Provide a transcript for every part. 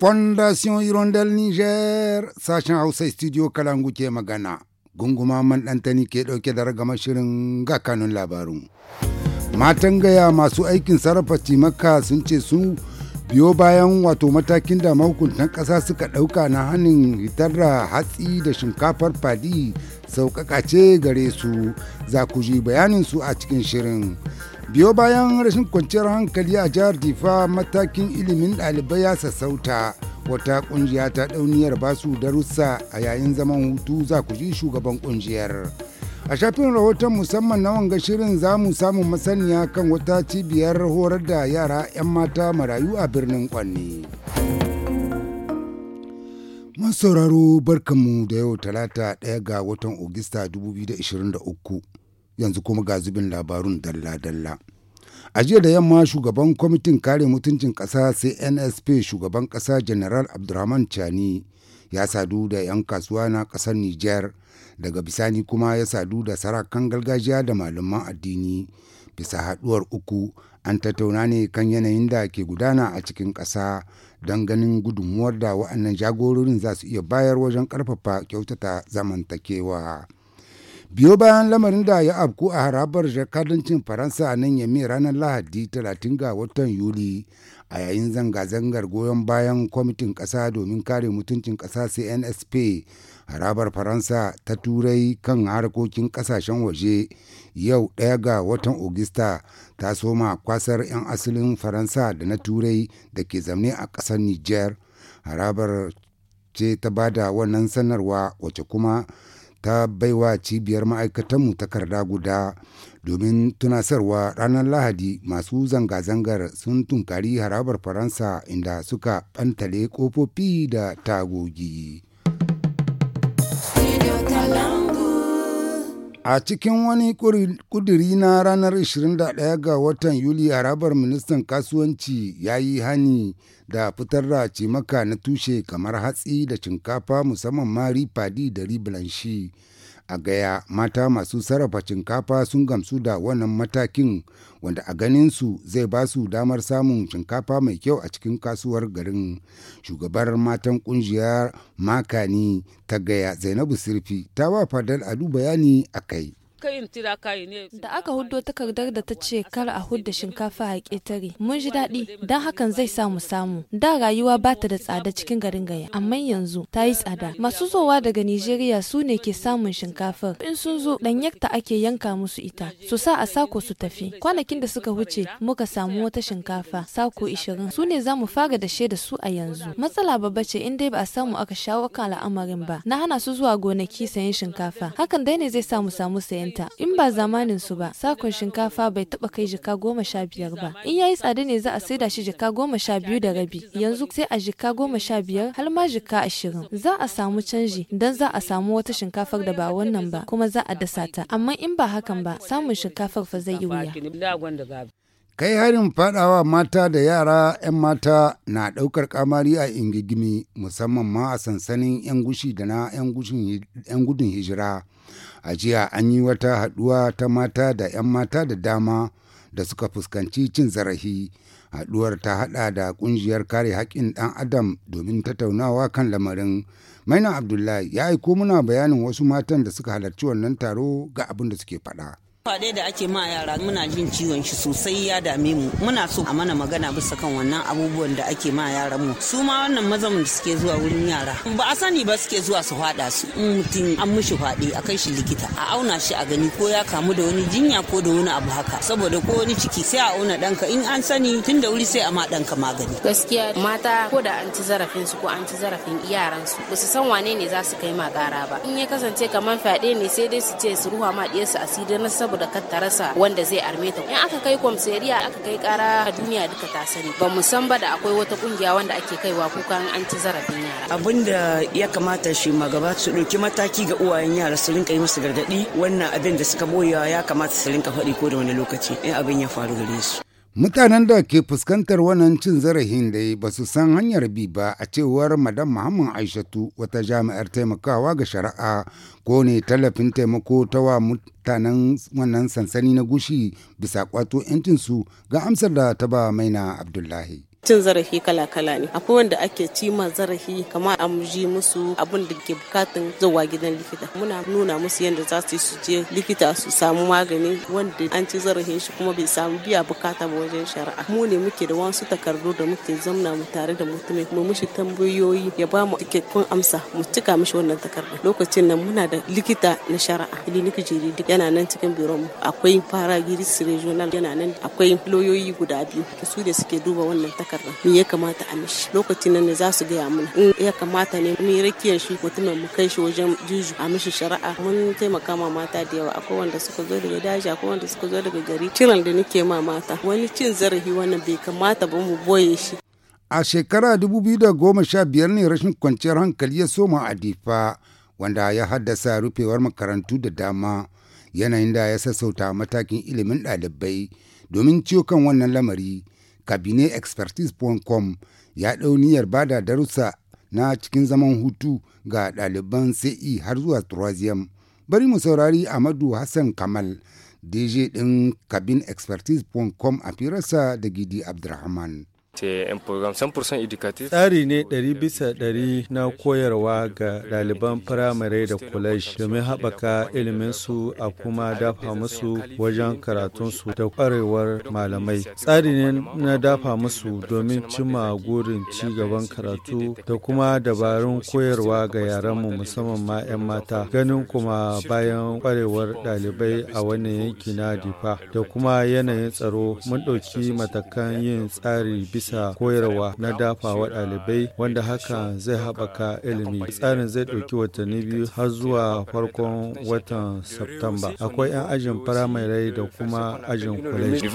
Fondation Hirondelle Niger sashen Hausa Studio Kalangu ke magana. Gunguma man ɗantani ke ɗauke da ragama shirin ga kanun labarun. Matan gaya masu aikin sarrafa cimaka sun ce su biyo bayan wato matakin da mahukuntan ƙasa suka ɗauka na hannun hitar da hatsi da shinkafar fadi sauƙaƙa ce gare su za ku ji bayanin su a cikin shirin. biyo bayan rashin kwanciyar hankali a jihar difa matakin ilimin ɗalibai ya sassauta wata kungiya ta ɗauniyar basu darussa a yayin zaman hutu za ku ji shugaban kungiyar a shafin rahoton musamman na wanga shirin za mu samu masaniya kan wata cibiyar horar da yara 'yan mata marayu a birnin kwanne masauraro barkanmu da yau talata 1 ga watan ogista 2023 yanzu kuma ga zubin labarun dalla-dalla. a jiya da yamma shugaban kwamitin kare mutuncin ƙasa cnsp shugaban ƙasa general abdurrahman chani ya sadu da 'yan kasuwa na ƙasar niger daga bisani kuma ya sadu da sarakan gargajiya da malaman addini bisa haɗuwar uku an tattauna ne kan yanayin da ke gudana a cikin ƙasa don ganin gudunmuwar da wa'annan jagororin za su iya bayar wajen ƙarfafa kyautata zamantakewa. biyo bayan lamarin da ya afku a harabar jakadancin faransa a nan yami ranar lahadi 30 ga watan yuli a yayin zanga-zangar goyon bayan kwamitin ƙasa domin kare mutuncin ƙasa cnsp harabar faransa ta turai kan harkokin ƙasashen waje yau ɗaya ga watan ogista ta soma kwasar 'yan asalin faransa da na turai da ke zamne a ƙasar niger harabar ce ta bada wannan sanarwa wace kuma ta baiwa cibiyar ma'aikatanmu takarda guda domin tunasarwa ranar lahadi masu zanga-zangar sun tunkari harabar faransa inda suka ɓantale ƙofofi da tagogi. A cikin wani kuduri na ranar 21 ga watan Yuli harabar ministan kasuwanci ya yi hani da fitar da cimaka na tushe kamar hatsi da shinkafa musamman ma rifadi da riblanshi a gaya mata masu sarrafa shinkafa sun gamsu da wannan matakin wanda a ganinsu zai ba su damar samun shinkafa mai kyau a cikin kasuwar garin shugabar matan kungiyar makani ta gaya zainabu sirfi ta ba fadar alu bayani a kai Da aka huddo takardar da ta ce kar a hudda shinkafa a ƙetare. Mun ji daɗi don hakan zai sa mu samu. Da rayuwa ba ta da tsada cikin garin gaya, amma yanzu ta yi tsada. Masu zowa daga Nijeriya su ne ke samun shinkafar. In sun zo ɗanyar ta ake yanka musu ita, su sa a sako su tafi. Kwanakin da suka wuce muka samu wata shinkafa sako ishirin. Su ne za mu fara da da su a yanzu. Matsala babba ce in dai ba a samu aka shawo kan al'amarin ba. Na hana su zuwa gonaki sayan shinkafa. Hakan dai ne zai sa mu samu sayen in ba zamanin su ba sakon shinkafa bai taba kai jika goma sha biyar ba in yayi tsada ne za a saida shi jika goma sha biyu da rabi yanzu sai a jika goma sha biyar har ma jika ashirin za a samu canji dan za a samu wata shinkafar da ba wannan ba kuma za a dasa ta amma in ba hakan ba samun shinkafar fa zai yi wuya kai harin fadawa mata da yara 'yan mata na daukar kamari a ingigimi musamman ma a sansanin 'yan gushi da na 'yan gudun hijira a jiya an yi wata haɗuwa ta mata da 'yan mata da dama da suka fuskanci cin zarafi haɗuwar ta haɗa da ƙungiyar kare haƙƙin ɗan adam domin tattaunawa kan lamarin maina abdullahi ya aiko muna bayanin wasu matan da suka halarci wannan taro ga abin da suke faɗa. faɗe da ake ma yara muna jin ciwon shi sosai ya dame mu muna so a mana magana bisa kan wannan abubuwan da ake ma yaran mu su ma wannan mazan da suke zuwa wurin yara ba a sani ba suke zuwa su faɗa su in mutum an mishi faɗe a kai shi likita a auna shi a gani ko ya kamu da wani jinya ko da wani abu haka saboda ko wani ciki sai a auna ɗanka in an sani tun da wuri sai a ma ɗanka magani gaskiya mata ko da an ci zarafin su ko an ci zarafin yaran su ba su san wane ne za su kai ma ƙara ba in ya kasance kamar fyaɗe ne sai dai su ce su ruwa ma su asiri na saboda da kar ta rasa wanda zai arme ta in aka kai kwamseriya aka kai kara duniya duka ta sani ba mu san ba da akwai wata kungiya wanda ake kaiwa kuka an ci zarafin yara da ya kamata shi magaba su ɗauki mataki ga uwayen yara su rinka yi musu gargadi wannan abin da suka boyewa ya kamata su rinka faɗi ko da wani lokaci in abin ya faru gare su Mutanen da ke fuskantar wannan cin zarafin dai ba su san hanyar bi ba a cewar Madam Muhammad Aishatu wata jami'ar taimakawa ga shari'a ko ne tallafin taimako ta wa mutanen wannan sansani na gushi bisa kwato 'yancinsu ga amsar da ta ba maina Abdullahi. cin zarafi kala-kala ne akwai wanda ake ci ma zarafi kamar a muji musu abin da ke bukatun zuwa gidan likita muna nuna musu yadda za su su je likita su samu magani wanda an ci zarafin shi kuma bai samu biya bukata ba wajen shari'a mu ne muke da wasu takardu da muke zamna mu tare da mutumin mu mishi tambayoyi ya ba mu cikakkun amsa mu cika mishi wannan takarda lokacin nan muna da likita na shari'a clinic juridic yana nan cikin biron mu akwai fara regional yana nan akwai loyoyi guda biyu su da suke duba wannan takarda takarda me ya kamata a mishi lokacin nan ne za su gaya mana in ya kamata ne mu rakiyar shi mutumin mu kai shi wajen juju a mishi shari'a mun taimaka ma mata da yawa akwai wanda suka zo daga daji akwai wanda suka zo daga gari kiran da nake ma mata wani cin zarafi wannan bai kamata ba mu boye shi a shekara biyar ne rashin kwanciyar hankali ya soma a difa wanda ya haddasa rufewar makarantu da dama yanayin da ya sassauta matakin ilimin ɗalibai domin ciwo kan wannan lamari kabinexpertise.com ya ɗau niyyar ba da darussa na cikin zaman hutu ga ɗaliban sai e har zuwa Troisième. Bari mu saurari Amadu Hassan Kamal, DJ ɗin kabinexpertise.com a firarsa da Gidi Abdurrahman. Tsari ne ɗari bisa ɗari na koyarwa ga ɗaliban firamare da kulashi domin haɓaka iliminsu a kuma dafa musu wajen karatunsu da ƙwarewar malamai. Tsari ne na dafa musu domin cimma gurin ci gaban karatu da kuma dabarun koyarwa ga yaranmu musamman ma 'yan mata ganin kuma bayan ƙwarewar ɗalibai a wannan yanki na difa da kuma yanayin tsaro mun ɗauki matakan yin tsari bisa bisa koyarwa na dafawa ɗalibai wanda haka zai haɓaka ilimi tsarin zai ɗauki watanni biyu har zuwa farkon watan Septamba. Akwai 'yan ajin firamare da kuma ajin kwaleji.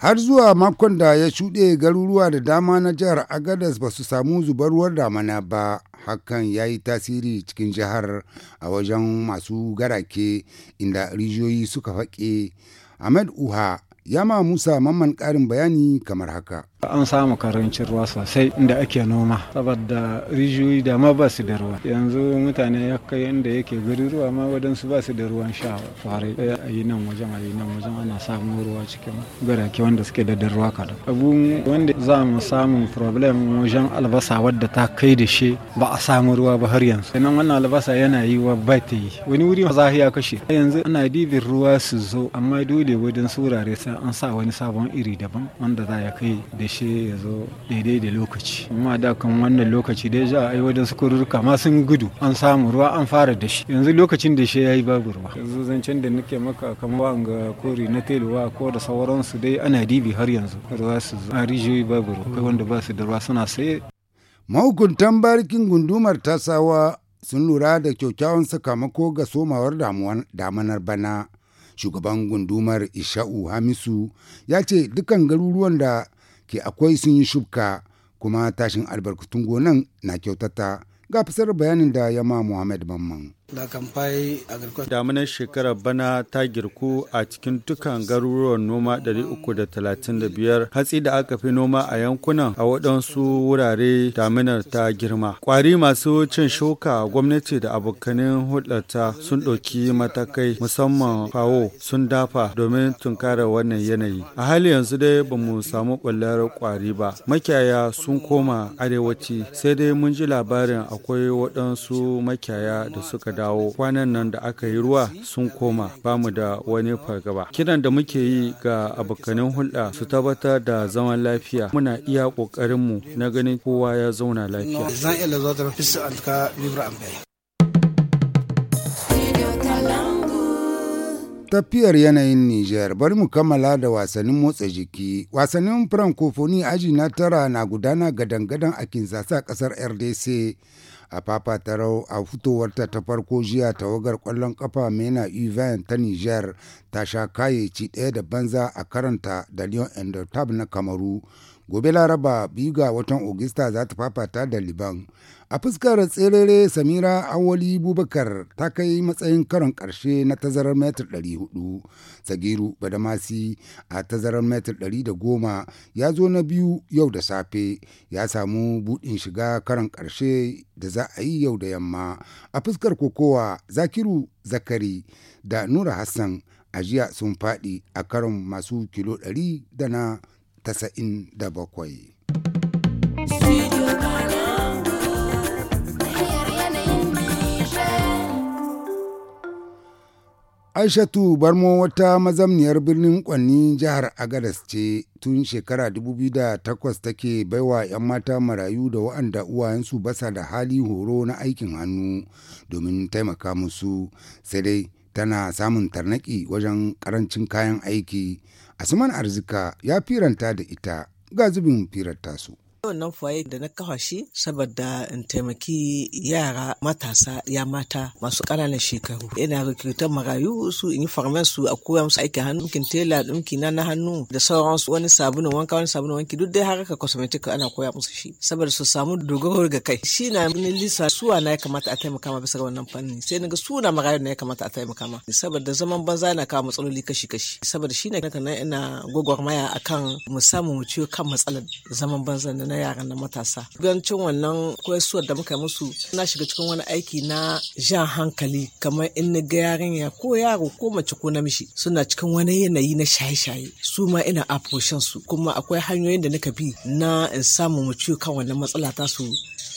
Har zuwa makon da ya shuɗe garuruwa da dama na jihar Agadas ba su samu zubarwar damana ba, hakan ya yi tasiri cikin jihar a wajen masu garake inda rijiyoyi suka faƙe. Ahmed Uha Ya ma Musa mamman ƙarin bayani kamar haka. an samu karancin ruwa sosai inda ake noma saboda rijiyoyi da ma ba su da ruwa yanzu mutane ya kai yanda yake gari ruwa ma su ba su da ruwan sha fare a yi nan wajen a yi nan wajen ana samun ruwa cikin garake wanda suke da ruwa kadan Abu wanda za mu samu problem wajen albasa wadda ta kai da shi ba a samu ruwa ba har yanzu sannan wannan albasa yana yi wa ba yi wani wuri za ya kashe yanzu ana dibin ruwa su zo amma dole wajen wurare sai an sa wani sabon iri daban wanda za ya kai da shi ya zo daidai da lokaci amma da kan wannan lokaci dai za a yi su kururruka ma sun gudu an samu ruwa an fara da shi yanzu lokacin da shi ya yi babu ruwa yanzu zancen da nake maka kamar ga kori na teluwa ko da sauransu dai ana dibi har yanzu ruwa su zo an rijiyoyi babu ruwa kai wanda ba su da ruwa suna saye mahukuntan barikin gundumar tasawa sun lura da kyakkyawan sakamako ga somawar damanar bana shugaban gundumar isha'u hamisu ya ce dukkan garuruwan da ke akwai sun yi shubka kuma tashin albarkatun gonan na kyautata ga fasar bayanin da ya yama Muhammad Mamman. Daminar shekarar bana ta girku a cikin dukkan garuruwan noma 335 hatsi da aka fi noma a yankunan a waɗansu wurare daminar ta girma. Kwari masu cin shuka gwamnati da abokanin hulɗarta sun ɗauki matakai musamman fawo sun dafa domin tunkarar wannan yanayi. A hali yanzu dai ba mu samu ɓullar kwari ba. Makiyaya sun koma arewaci sai dai mun ji labarin akwai waɗansu makiyaya da suka dawo kwanan nan da aka yi ruwa sun koma ba mu da wani fargaba kiran da muke yi ga abokanin hulɗa su tabbatar da zaman lafiya muna iya ƙoƙarinmu na ganin kowa ya zauna lafiya tafiyar yanayin Nijar bari mu kammala da wasannin motsa jiki. Wasannin Francophonie aji na tara na gudana gadan-gadan a kinsasa kasar RDC. a fafatarau a fitowarta ta farko jiya tawagar kwallon kafa mena uvan ta niger ta sha kayayyaci ɗaya da banza a karanta da lyon na kamaru gobe laraba biyu ga watan ogista za ta fafata da liban A fuskar tserere Samira Awali Bubakar ta kai matsayin karon ƙarshe na tazarar metar 400, Sagiru Badamasi a tazarar metar 110 ya zo na biyu yau da safe ya samu buɗin shiga karon ƙarshe da za a yi yau da yamma. A fuskar kokowa Zakiru Zakari da Nura Hassan a jiya sun faɗi a karon masu kilo 100 da na 97. Aishatu Barmo wata mazamniyar birnin Kwanni jihar Agadas ce tun shekara 2008 take baiwa 'yan mata marayu da wa'anda uwayensu basa da hali horo na aikin hannu domin taimaka musu sai dai tana samun tarnaki wajen karancin kayan aiki. Asman Arzika ya firanta da ita ga zubin firanta su. Wannan faye da na kafa shi saboda in taimaki yara matasa ya mata masu ƙananan shekaru. Ina rikirtar marayu su in yi farmar su a koya musu aikin hannu, ɗinkin tela, ɗinki na na hannu da sauransu wani sabulun wanka wani sabulun wanki duk dai haraka cosmetic ana koya musu shi saboda su samu dogaro ga kai. Shi na mini lisa suwa na ya kamata a taimaka ma bisa wannan fanni sai na ga suna marayu na ya kamata a taimaka ma saboda zaman banza na kawo matsaloli kashi-kashi saboda shi ne ina gwagwarmaya akan mu mu ciwo kan matsalar zaman banza na na yaran na matasa gancin wannan koyarwar da muka musu na shiga cikin wani aiki na jan hankali kamar in na ga yarinya ko yaro ko mace ko namiji suna cikin wani yanayi na shaye-shaye su ma ina afoshin su kuma akwai hanyoyin da nika bi na in samu mu kan wannan matsala ta su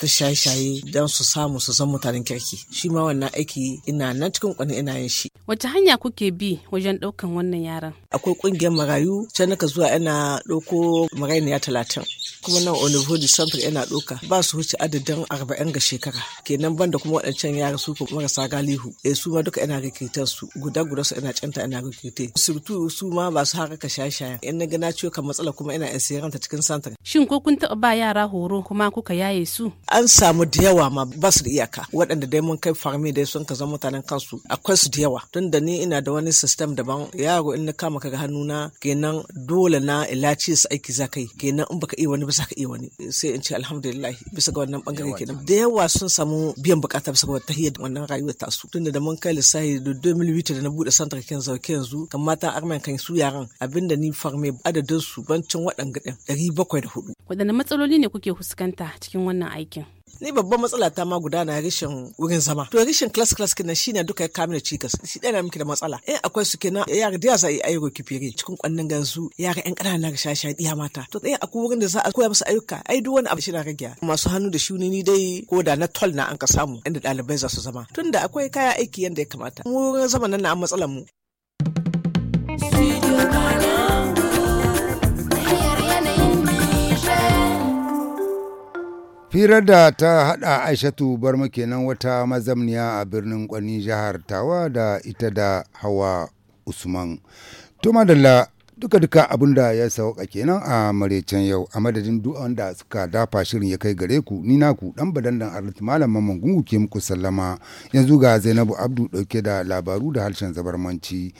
ta shaye-shaye don su samu su zama mutanen kirki shi ma wannan aiki ina nan cikin kwani ina yin shi wace hanya kuke bi wajen ɗaukan wannan yaran akwai ƙungiyar marayu can naka zuwa ina ɗauko marainiya talatin kuma nan olivo di centre yana ɗauka ba su wuce adadin arba'in ga shekara kenan ban da kuma waɗancan yara su marasa galihu eh su ma duka ina rikitar su guda guda su ina canta ina rikite surtout su ma ba su haka shaye-shayen in na ga na ciwo kan matsala kuma ina in siyaranta cikin santar shin ko kun taɓa ba yara horo kuma kuka yaye su an samu da yawa ma ba su da iyaka waɗanda dai mun kai farmi dai sun ka zama mutanen kansu akwai su da yawa tun da ni ina da wani system daban yaro in na kama kaga hannuna kenan dole na ilaci su aiki za ka yi kenan in baka iya wani ba za ka iya wani sai in ce alhamdulillah bisa ga wannan bangare kenan da yawa sun samu biyan bukata bisa ga tahiyar wannan ta su. tun da mun kai lissahi da 2008 da na buɗe santar kin zauke yanzu kan matan armen kan su yaran abinda ni farme adadin su bancin waɗanda ɗin 704 waɗanne matsaloli ne kuke fuskanta cikin wannan aiki ni babban matsala ta ma guda na rashin wurin zama to rashin class class shi shine duka ya kawo cikas shi ɗaya na miki da matsala in akwai su kenan yara da za a yi ayyuka kifiri cikin kwannin gansu yara yan ƙananan ga shasha ɗiya mata to ɗaya akwai wurin da za a koya musu ayyuka ai duk wani abu shi na rage masu hannu da shuni ni dai ko da na tol na an ka samu inda dalibai za su zama tunda akwai kaya aiki yanda ya kamata mu wurin zama nan na matsalar mu hirar da ta hada aishatu barma kenan wata mazamniya a birnin kwani jihar tawa da ita da hawa usman tumadala duka duka abin da ya sauka kenan a maraicen yau a madadin duk wanda suka dafa shirin ya kai gare ku ni na ku dan badandan arziki malam mamman gungu ke muku sallama yanzu ga zainabu abdu dauke da labaru da harshen zabarmanci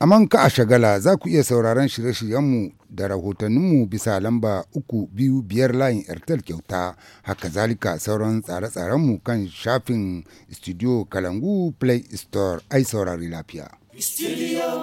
aman ka a shagala za ku iya sauraron shirye-shiryenmu da rahotanninmu bisa lamba uku biyu biyar layin airtel kyauta haka zalika sauran tsare-tsarenmu kan shafin studio kalangu play store ai saurari lafiya. Studio